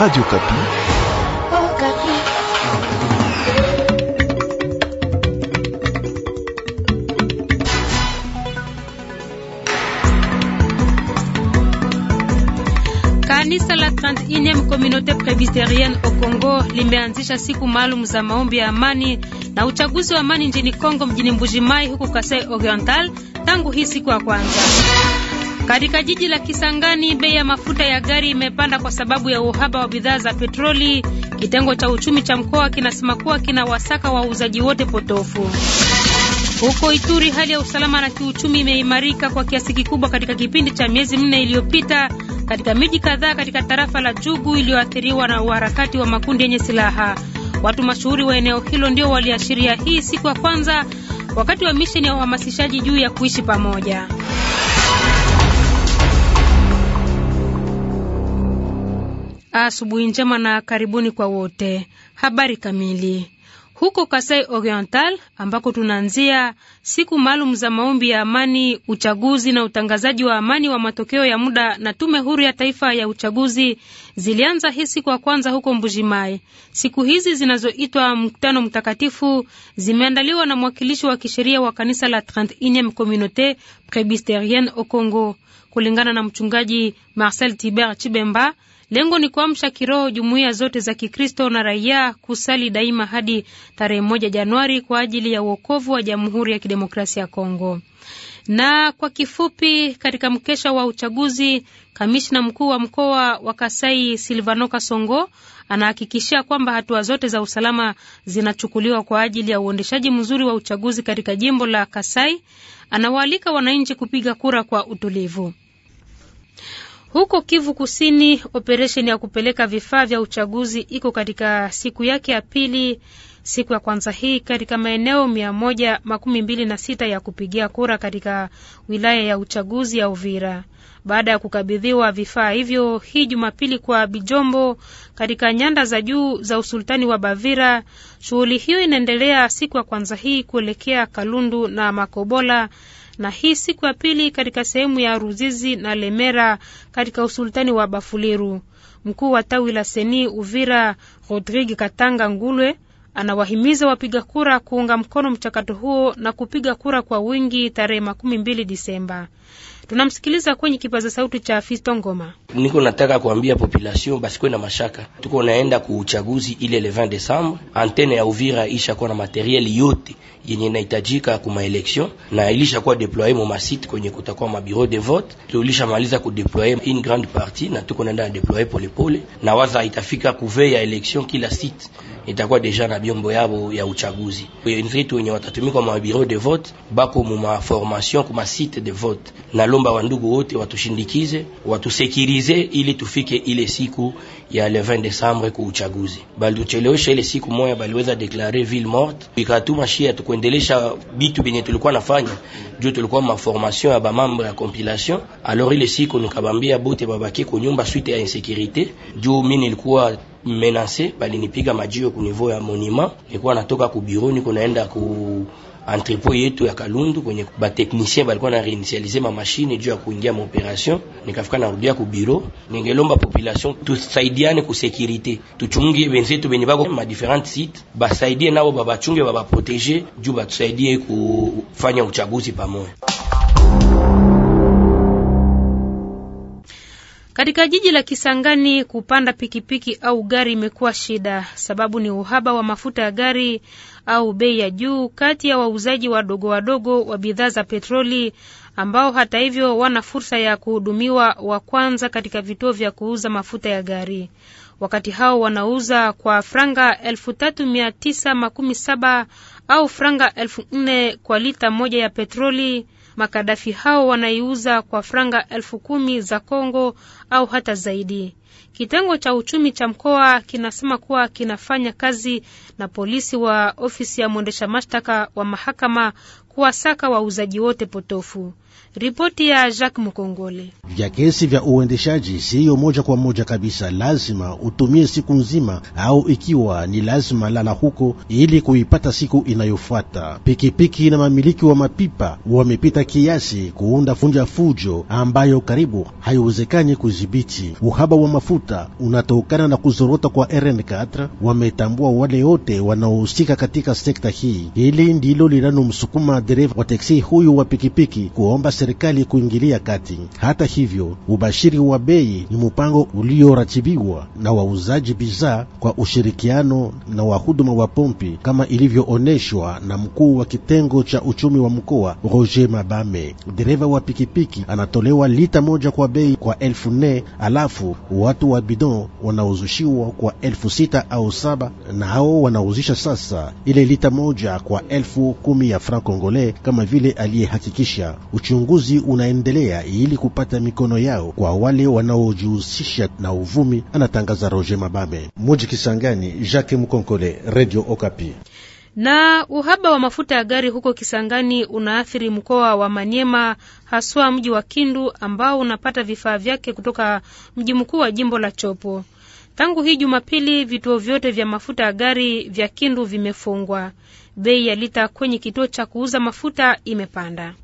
Radio Kapi. Oh, Kapi. Kanisa la 31e Communauté Presbyterienne au Congo limeanzisha siku maalum za maombi ya amani na uchaguzi wa amani nchini Kongo mjini Mbuji Mai huko Kasai Oriental tangu hii siku ya kwanza. Katika jiji la Kisangani, bei ya mafuta ya gari imepanda kwa sababu ya uhaba wa bidhaa za petroli. Kitengo cha uchumi cha mkoa kinasema kuwa kina wasaka wauzaji wote potofu. Huko Ituri, hali ya usalama na kiuchumi imeimarika kwa kiasi kikubwa katika kipindi cha miezi minne iliyopita katika miji kadhaa katika tarafa la Jugu iliyoathiriwa na uharakati wa makundi yenye silaha. Watu mashuhuri wa eneo hilo ndio waliashiria hii siku ya kwanza wakati wa misheni ya uhamasishaji juu ya kuishi pamoja. Asubuhi njema na karibuni kwa wote. Habari kamili huko Kasai Oriental ambako tunaanzia siku maalum za maombi ya amani, uchaguzi na utangazaji wa amani wa matokeo ya muda na tume huru ya taifa ya uchaguzi zilianza hii siku ya kwanza huko Mbujimai. Siku hizi zinazoitwa mkutano mtakatifu zimeandaliwa na mwakilishi wa kisheria wa kanisa la 31 Communaute Presbyterienne au Congo, kulingana na mchungaji Marcel Tiber Chibemba. Lengo ni kuamsha kiroho jumuiya zote za Kikristo na raia kusali daima hadi tarehe moja Januari kwa ajili ya uokovu wa Jamhuri ya Kidemokrasia ya Kongo. Na kwa kifupi, katika mkesha wa uchaguzi, kamishna mkuu wa mkoa wa Kasai Silvano Kasongo anahakikishia kwamba hatua zote za usalama zinachukuliwa kwa ajili ya uendeshaji mzuri wa uchaguzi katika jimbo la Kasai. Anawaalika wananchi kupiga kura kwa utulivu. Huko Kivu Kusini, operesheni ya kupeleka vifaa vya uchaguzi iko katika siku yake ya pili, siku ya kwanza hii katika maeneo mia moja makumi mbili na sita ya kupigia kura katika wilaya ya uchaguzi ya Uvira, baada ya kukabidhiwa vifaa hivyo hii Jumapili kwa Bijombo katika nyanda za juu za usultani wa Bavira. Shughuli hiyo inaendelea siku ya kwanza hii kuelekea Kalundu na Makobola na hii siku ya pili katika sehemu ya Ruzizi na Lemera katika usultani wa Bafuliru. Mkuu wa tawi la Seni Uvira Rodrigue Katanga Ngulwe anawahimiza wapiga kura kuunga mkono mchakato huo na kupiga kura kwa wingi tarehe makumi mbili Disemba. Tunamsikiliza kwenye kipaza sauti cha Fisto Ngoma. Niko nataka kuambia population basi kwe na mashaka, tuko naenda ku uchaguzi ile le 20 Desembre. Antene ya Uvira isha ilishakuwa na materiel yote yenye inahitajika kuma election na ilisha ilishakuwa deploye mu masite kwenye kutakuwa ma bureau de vote, Tulisha maliza ku kudeploye in grande partie na tuko naenda na deploye polepole, na waza itafika kuve ya election, kila site itakuwa deja na biombo yabo ya uchaguzi. Wenzetu wenye watatumika ma bureau de vote bako mu ma formation kuma site de vote na lo tunaomba wandugu wote watushindikize, watusekirize ili tufike ile siku ya le 20 Desembre ku uchaguzi. Balituchelewesha ile siku moya, baliweza deklare ville morte, ikatuma shia tukuendelesha bitu binye tulikuwa nafanya juu tulikuwa maformation ya bamambre ya compilation. Alors ile siku nikabambia bote babaki kunyumba suite ya insécurité, juu mimi nilikuwa menase, balinipiga majio ku niveau ya monument, nilikuwa natoka kubironi kunaenda ku entrepot yetu ya Kalundu kwenye bateknisien balikuwa na reinitialize ma mashine juu ya kuingia ma operation, nikafika narudia ku bureau. Ningelomba population tusaidiane ku securite, tuchunge wenzetu benye bako ma different site, basaidie nabo babachunge, babaprotege juu batusaidie kufanya uchaguzi pamoja. Katika jiji la Kisangani kupanda pikipiki au gari imekuwa shida. Sababu ni uhaba wa mafuta ya gari au bei ya juu kati ya wauzaji wadogo wadogo wa bidhaa za petroli ambao hata hivyo wana fursa ya kuhudumiwa wa kwanza katika vituo vya kuuza mafuta ya gari. Wakati hao wanauza kwa franga elfu tatu mia tisa makumi saba au franga elfu nne kwa lita moja ya petroli Makadafi hao wanaiuza kwa franga elfu kumi za Kongo au hata zaidi. Kitengo cha uchumi cha mkoa kinasema kuwa kinafanya kazi na polisi wa ofisi ya mwendesha mashtaka wa mahakama kuwasaka wauzaji wote potofu. Ripoti ya Jacques Mukongole. Vya kesi vya uendeshaji siyo moja kwa moja kabisa, lazima utumie siku nzima au ikiwa ni lazima lala huko ili kuipata siku inayofuata. Pikipiki na mamiliki wa mapipa wamepita kiasi kuunda funja fujo ambayo karibu haiwezekani kudhibiti. Uhaba wa mafuta unatokana na kuzorota kwa RN4. Wametambua wale wote wanaohusika katika sekta hii. Hili ndilo linalomsukuma dereva wa teksi huyu wa pikipiki kuomba serikali kuingilia kati. Hata hivyo, ubashiri wa bei ni mpango ulioratibiwa na wauzaji bidhaa kwa ushirikiano na wahuduma wa pompi, kama ilivyoonyeshwa na mkuu wa kitengo cha uchumi wa mkoa Roger Mabame. Dereva wa pikipiki anatolewa lita moja kwa bei kwa elfu nne alafu watu wa bidon wanauzishiwa kwa elfu sita au saba na hao wanauzisha sasa ile lita moja kwa elfu kumi ya franc congolais, kama vile aliyehakikisha uchungu uchunguzi unaendelea ili kupata mikono yao kwa wale wanaojihusisha na uvumi, anatangaza Roger Mabame. Muji Kisangani, Jacques Mkonkole, Radio Okapi. Na uhaba wa mafuta ya gari huko Kisangani unaathiri mkoa wa Manyema, haswa mji wa Kindu ambao unapata vifaa vyake kutoka mji mkuu wa jimbo la Chopo. Tangu hii Jumapili, vituo vyote vya mafuta ya gari vya Kindu vimefungwa. Bei ya lita kwenye kituo cha kuuza mafuta imepanda.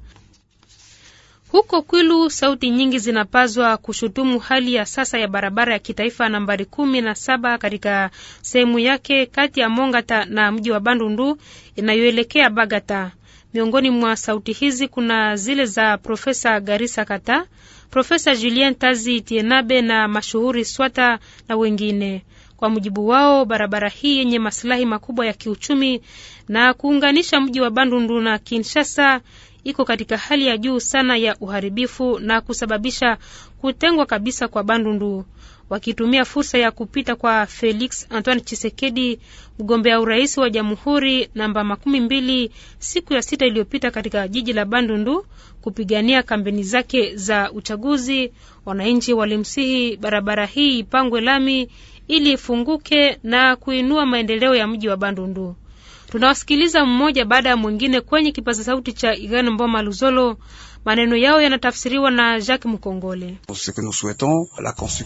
Huko Kwilu sauti nyingi zinapazwa kushutumu hali ya sasa ya barabara ya kitaifa nambari kumi na saba katika sehemu yake kati ya Mongata na mji wa Bandundu inayoelekea Bagata. Miongoni mwa sauti hizi kuna zile za Profesa Garisa Kata, Profesa Julien Tazi Tienabe na mashuhuri Swata na wengine. Kwa mujibu wao, barabara hii yenye masilahi makubwa ya kiuchumi na kuunganisha mji wa Bandundu na Kinshasa iko katika hali ya juu sana ya uharibifu na kusababisha kutengwa kabisa kwa Bandundu. Wakitumia fursa ya kupita kwa Felix Antoine Chisekedi, mgombea urais wa jamhuri namba makumi mbili, siku ya sita iliyopita katika jiji la Bandundu kupigania kampeni zake za uchaguzi, wananchi walimsihi barabara hii ipangwe lami ili ifunguke na kuinua maendeleo ya mji wa Bandundu. Tunawasikiliza mmoja baada ya mwingine kwenye kipaza sauti cha Irene Mboma Luzolo. Maneno yao yanatafsiriwa na Jacques Mkongole.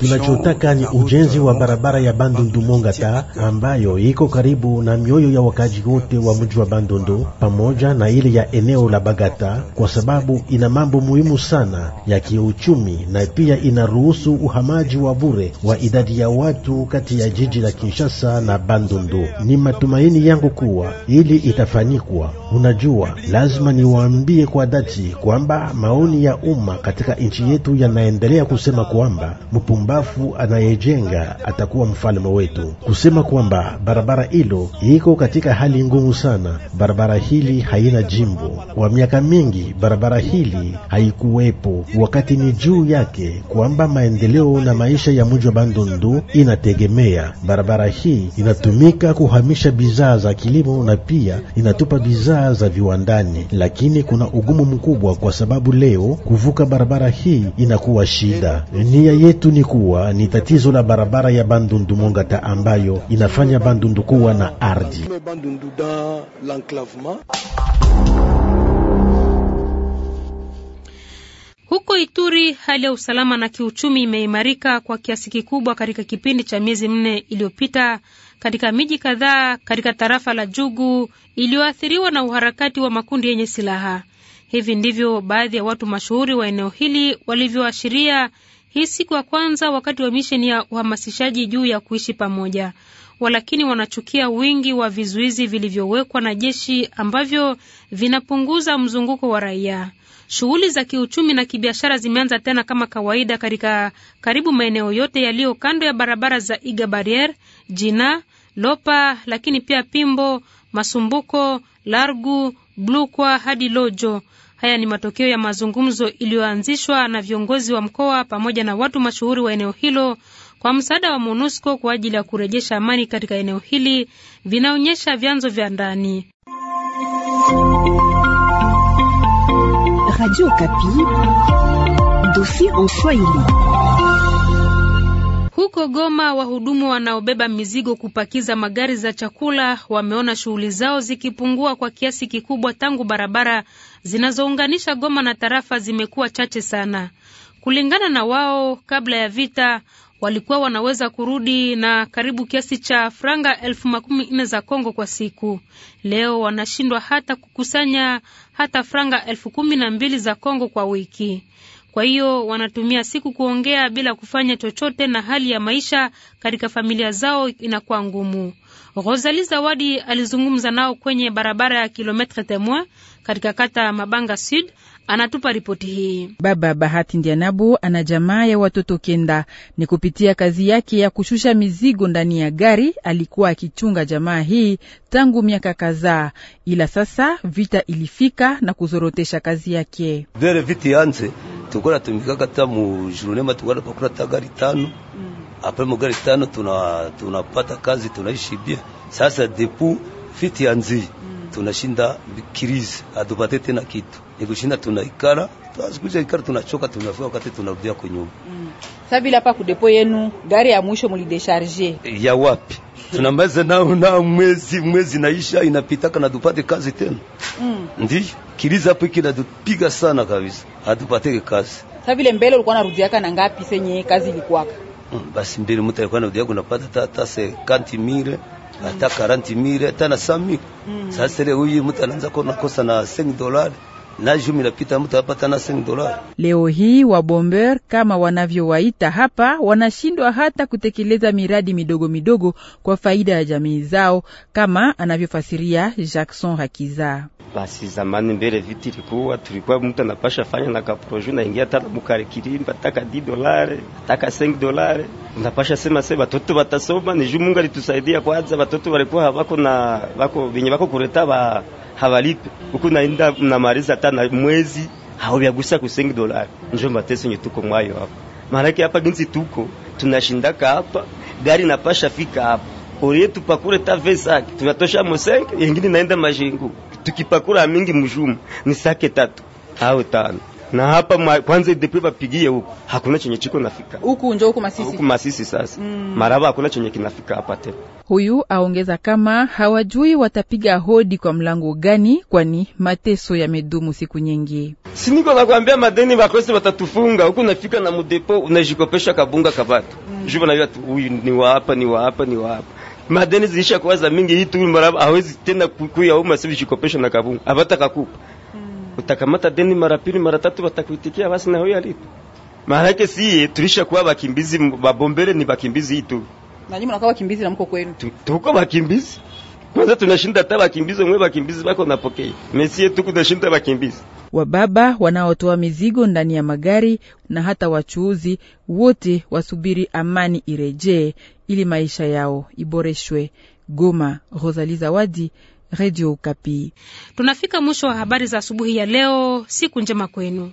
Tunachotaka ni ujenzi wa euh, barabara ya Bandundu Mongata ambayo iko karibu na mioyo ya wakaji wote wa mji wa Bandundu pamoja na ile ya eneo la Bagata, kwa sababu ina mambo muhimu sana ya kiuchumi na pia inaruhusu uhamaji wa bure wa idadi ya watu kati ya jiji la Kinshasa na Bandundu. Ni matumaini yangu kuwa ili itafanyikwa Unajua, lazima niwaambie kwa dhati kwamba maoni ya umma katika nchi yetu yanaendelea kusema kwamba mpumbafu anayejenga atakuwa mfalme wetu, kusema kwamba barabara hilo iko katika hali ngumu sana. Barabara hili haina jimbo kwa miaka mingi, barabara hili haikuwepo, wakati ni juu yake kwamba maendeleo na maisha ya mji wa Bandundu inategemea barabara hii. Inatumika kuhamisha bidhaa za kilimo na pia inatupa bidhaa mitaa za viwandani, lakini kuna ugumu mkubwa kwa sababu leo kuvuka barabara hii inakuwa shida. Nia yetu ni kuwa ni tatizo la barabara ya Bandundu Mongata ambayo inafanya Bandundu kuwa na ardhi Huko Ituri hali ya usalama na kiuchumi imeimarika kwa kiasi kikubwa katika kipindi cha miezi minne iliyopita katika miji kadhaa katika tarafa la Jugu iliyoathiriwa na uharakati wa makundi yenye silaha. Hivi ndivyo baadhi ya watu mashuhuri wa eneo hili walivyoashiria hii siku ya kwanza wakati wa misheni ya uhamasishaji juu ya kuishi pamoja. Walakini wanachukia wingi wa vizuizi vilivyowekwa na jeshi ambavyo vinapunguza mzunguko wa raia. Shughuli za kiuchumi na kibiashara zimeanza tena kama kawaida katika karibu maeneo yote yaliyo kando ya barabara za Iga Barriere, Jina, Lopa, lakini pia Pimbo, Masumbuko, Largu, Blukwa hadi Lojo. Haya ni matokeo ya mazungumzo iliyoanzishwa na viongozi wa mkoa pamoja na watu mashuhuri wa eneo hilo kwa msaada wa MONUSCO kwa ajili ya kurejesha amani katika eneo hili, vinaonyesha vyanzo vya ndani. Radio Okapi, dossier en Swahili. Huko Goma wahudumu wanaobeba mizigo kupakiza magari za chakula wameona shughuli zao zikipungua kwa kiasi kikubwa tangu barabara zinazounganisha Goma na tarafa zimekuwa chache sana. Kulingana na wao, kabla ya vita walikuwa wanaweza kurudi na karibu kiasi cha franga elfu makumi nne za Kongo kwa siku. Leo wanashindwa hata kukusanya hata franga elfu kumi na mbili za Kongo kwa wiki. Kwa hiyo wanatumia siku kuongea bila kufanya chochote, na hali ya maisha katika familia zao inakuwa ngumu. rosali Zawadi alizungumza nao kwenye barabara ya kilometre temoin katika kata Mabanga Sud anatupa ripoti hii. Baba Bahati Ndianabu ana jamaa ya watoto kenda. Ni kupitia kazi yake ya kushusha mizigo ndani ya gari alikuwa akichunga jamaa hii tangu miaka kadhaa, ila sasa vita ilifika na kuzorotesha kazi yake. Vere viti yanze tukuwa tumikaka tamu mujurunema, tukuwa napakula ta gari tano mm. apa mugari tano tunapata tuna kazi tunaishibia sasa depu viti yanzi tunashinda kirizi, hatupate tena kitu, ni kushinda tunaikara tuasikuja ikara, tunachoka, tunafika wakati tunarudia kwa nyumba mm. bila hapa kudepo yenu gari ya mwisho mulidesharge ya wapi? tunambaza nao na mwezi mwezi naisha inapitaka na dupate kazi tena mm. Ndi kirizi hapo dupiga sana kabisa, hatupate kazi. Sasa Sabila mbele ulikuwa narudiaka na ngapi senye kazi ilikuwaka? Mm, basi mbele mtu alikuwa anarudia kunapata tata 50000 hata 40 hata na 100 mili. Sasa leo huyu mtu anaanza kunakosa na 5 dolari Leo hii bomber kama wanavyowaita hapa wanashindwa hata kutekeleza miradi midogo midogo kwa faida ya jamii zao, kama anavyofasiria Jackson Hakiza. Basi zamani mbele viti ilikuwa tulikuwa mtu anapasha fanya na kaproje, tala tata kirimba taka 10 dolare taka 5 dolare, unapasha sema sema watoto watasoma. Ni juu Mungu alitusaidia kwanza, watoto walikuwa wako na wako venye wako kureta ba hawalipe huku naenda mnamaliza hata na mwezi hawavyagusa ku 5 dolari. Njo mateso yenye tuko mwayo hapa, maanake hapa ginsi tuko tunashindaka hapa, gari napasha fika hapa orie tupakure tave sake tunatosha mosenke yengine naenda mashengu tukipakura mingi mjumu ni sake tatu au tano na hapa kwanza depe vapigie huku, hakuna chenye chiko nafika huku, njo huku Masisi, huku Masisi sasa mm. Maraba hakuna chenye kinafika hapa tena. Huyu aongeza kama hawajui watapiga hodi kwa mlango gani, kwani mateso yamedumu siku nyingi. Si Siniko nakwambia madeni vakosi watatufunga huku, nafika na mudepo unajikopesha kabunga kabatu mm. juu na huyu ni wa hapa ni wa hapa ni wa hapa madeni zilisha kuwa za mingi, hii tu maraba hawezi tena kuya uma sivi jikopesha na kabunga avata kakupa utakamata deni mara pili mara tatu, watakuitikia basi na huyo alipo. Maana yake si tulisha kuwa wakimbizi, babombele ni wakimbizi tu. Na nyinyi mnakuwa bakimbizi na mko kwenu. Tuko wakimbizi Kwanza tunashinda hata wakimbizi mwe wakimbizi wako napokea. Mesie tuku tunashinda bakimbizi. Wababa wanaotoa mizigo ndani ya magari na hata wachuuzi wote wasubiri amani irejee ili maisha yao iboreshwe. Goma, Rosalie Zawadi, Radio Kapi. Tunafika mwisho wa habari za asubuhi ya leo. Siku njema kwenu.